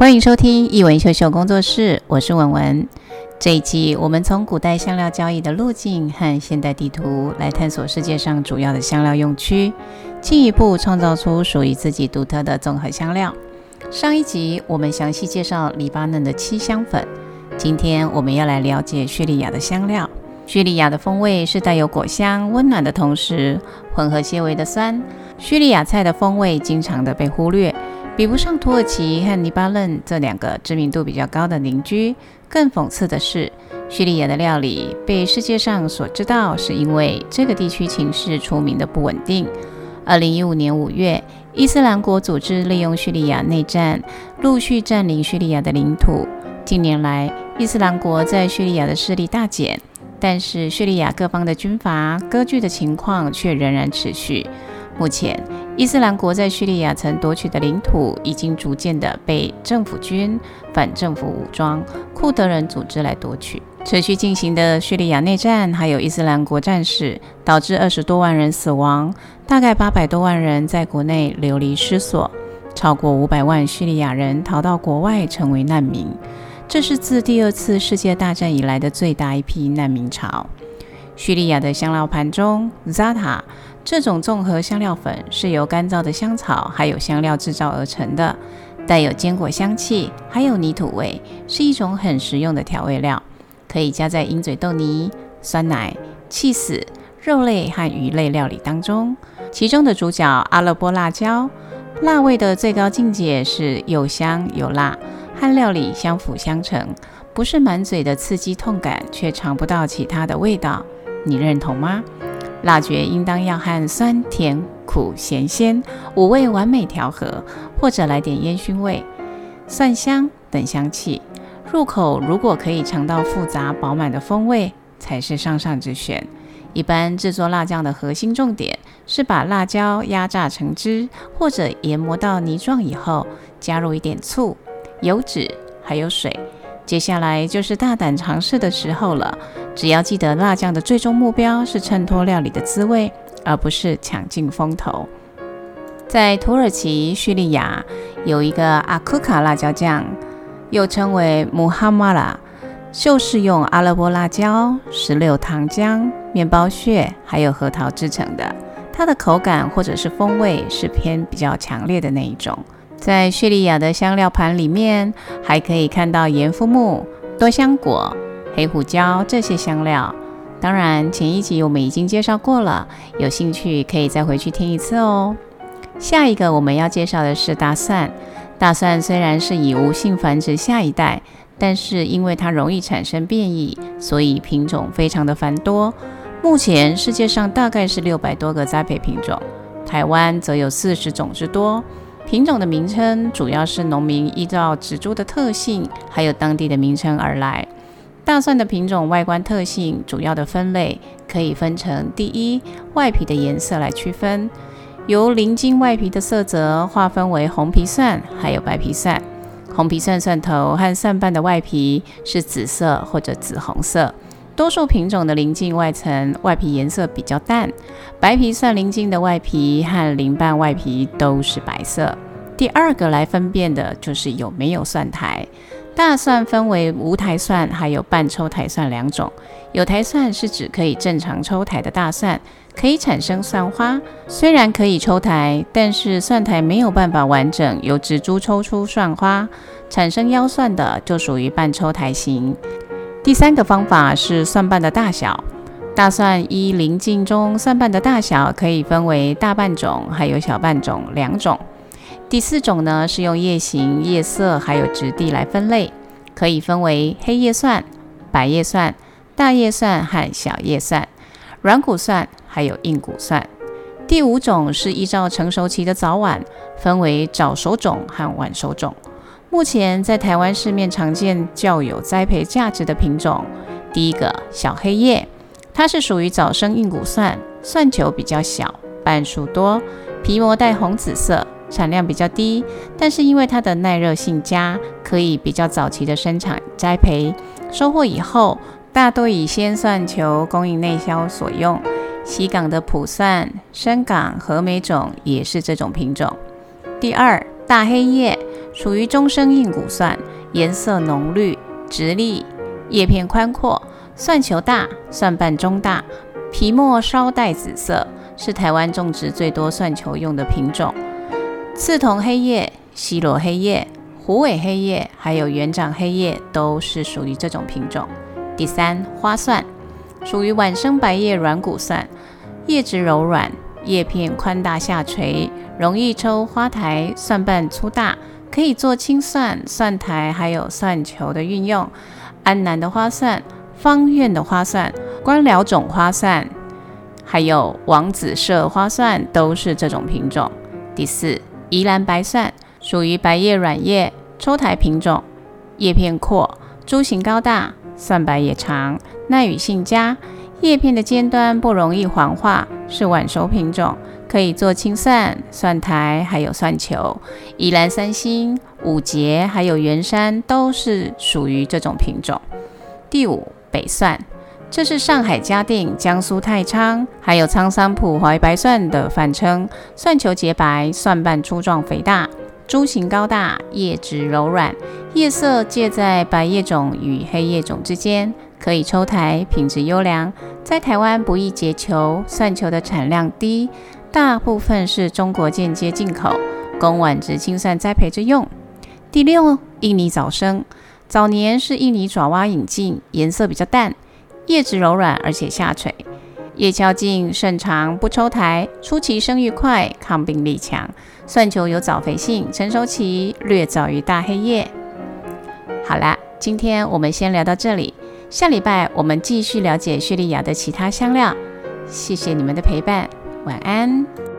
歡迎收聽一文秀秀工作室，我是文文。這一集我們從古代香料交易的路徑和現代地圖來探索世界上主要的香料用區，進一步創造出屬於自己獨特的綜合香料。上一集我們詳細介紹黎巴嫩的七香粉，今天我們要來了解敘利亞的香料。敘利亞的風味是帶有果香、溫暖的同時，混合些微的酸。敘利亞菜的風味經常的被忽略。比不上土耳其和黎巴嫩這兩個知名度比較高的鄰居。更諷刺的是，敘利亞的料理被世界上所知道，是因為這個地區情勢出名的不穩定。二零一五年五月，伊斯蘭國組織利用敘利亞內戰，陸續佔領敘利亞的領土。近年來，伊斯蘭國在敘利亞的勢力大減，但是敘利亞各方的軍閥割據的情況卻仍然持續。目前，伊斯蘭國在敘利亞曾奪取的領土已經逐漸的被政府軍、反政府武裝、庫德人組織來奪取。持續進行的敘利亞內戰，還有伊斯蘭國戰士，導致二十多萬人死亡，大概八百多萬人在國內流離失所，超過五百萬敘利亞人逃到國外成為難民。這是自第二次世界大戰以來的最大一批難民潮。敘利亞的香料盤中，扎塔。這種綜合香料粉是由乾燥的香草還有香料製造而成的，帶有堅果香氣，還有泥土味，是一種很實用的調味料，可以加在鷹嘴豆泥、酸奶、起司、肉類和魚類料理當中。其中的主角阿勒坡辣椒，辣味的最高境界是又香又辣，和料理相輔相成，不是滿嘴的刺激痛感，卻嘗不到其他的味道，你認同嗎？辣覺應當要和酸甜苦鹹鮮五味完美調和，或者來點煙燻味、蒜香等香氣。入口如果可以嘗到複雜飽滿的風味，才是上上之選。一般制作辣醬的核心重點是把辣椒壓榨成汁，或者研磨到泥狀以後，加入一點醋、油脂還有水。接下來就是大膽嘗試的時候了。只要記得，辣醬的最終目標是襯托料理的滋味，而不是搶盡風頭。在土耳其、敘利亞有一個阿庫卡辣椒醬，又稱為 Muhamara，就是用阿勒坡辣椒、石榴糖漿、麵包屑還有核桃制成的。它的口感或者是風味是偏比較強烈的那一種。在敘利亞的香料盤裡面，還可以看到鹽膚木、多香果。黑胡椒這些香料，當然前一集我們已經介紹過了，有興趣可以再回去聽一次哦。下一個我們要介紹的是大蒜。大蒜雖然是以無性繁殖下一代，但是因為它容易產生變異，所以品種非常的繁多。目前世界上大概是六百多個栽培品種，台灣則有四十種之多。品種的名稱主要是農民依照植株的特性，還有當地的名稱而來。大蒜的品種外觀特性主要的分類可以分成第一，外皮的顏色來區分，由鱗莖外皮的色澤劃分為紅皮蒜，還有白皮蒜。紅皮蒜蒜頭和蒜瓣的外皮是紫色或者紫紅色，多數品種的鱗莖外層外皮顏色比較淡。白皮蒜鱗莖的外皮和鱗瓣外皮都是白色。第二個來分辨的就是有沒有蒜苔。大蒜分為無薹蒜還有半抽薹蒜兩種。有薹蒜是指可以正常抽薹的大蒜，可以產生蒜花。雖然可以抽薹，但是蒜薹沒有辦法完整由植株抽出蒜花，產生腰蒜的就屬於半抽薹型。第三個方法是蒜瓣的大小。大蒜依鱗莖中蒜瓣的大小可以分為大瓣種還有小瓣種兩種。第四種呢是用葉形、葉色還有質地來分類。可以分為黑葉蒜、白葉蒜、大葉蒜和小葉蒜、軟骨蒜，還有硬骨蒜。第五種是依照成熟期的早晚，分為早熟種和晚熟種。目前在台灣市面常見較有栽培價值的品種，第一個小黑葉，它是屬於早生硬骨蒜，蒜球比較小，瓣數多，皮膜帶紅紫色。產量比較低，但是因為它的耐熱性佳，可以比較早期的生產栽培。收穫以後，大多以鮮蒜球供應內銷所用。西港的普蒜、深港和美種也是這種品種。第二大黑葉，屬於中生硬骨蒜，顏色濃綠，直立，葉片寬闊，蒜球大，蒜瓣中大，皮末稍帶紫色，是台灣種植最多蒜球用的品種。四黑葉、西螺黑葉、虎尾黑葉，還有圓長黑葉，都是屬於這種品種。第三，花蒜，屬於晚生白葉軟骨蒜，葉子柔軟，葉片寬大下垂，容易抽花苔，蒜瓣粗大，可以做青蒜、蒜苔還有蒜球的運用。安南的花蒜、方院的花蒜、官僚種花蒜，還有王子舍花蒜，都是這種品種。第四。宜蘭白蒜屬於白葉軟葉抽苔品種，葉片闊，株型高大，蒜白也長，耐雨性佳，葉片的尖端不容易黃化，是晚熟品種，可以做青蒜、蒜苔，還有蒜球。宜蘭三星、五結還有員山都是屬於這種品種。第五，北蒜。這是上海嘉定、江蘇太倉，還有蒼山普懷白蒜的泛稱。蒜球潔白，蒜瓣粗壯肥大，株型高大，葉質柔軟，葉色介在白葉種與黑葉種之間，可以抽薹，品質優良。在台灣不易結球，蒜球的產量低，大部分是中國間接進口，供晚植青蒜栽培着用。第六，印尼早生，早年是印尼爪哇引進，顏色比較淡。葉子柔軟而且下垂，葉鞘莖甚長，不抽苔，出奇生育快，抗病力強。蒜球有早肥性，成熟期略早於大黑葉。好了，今天我們先聊到這裡，下禮拜我們繼續了解敘利亞的其他香料。謝謝你們的陪伴，晚安。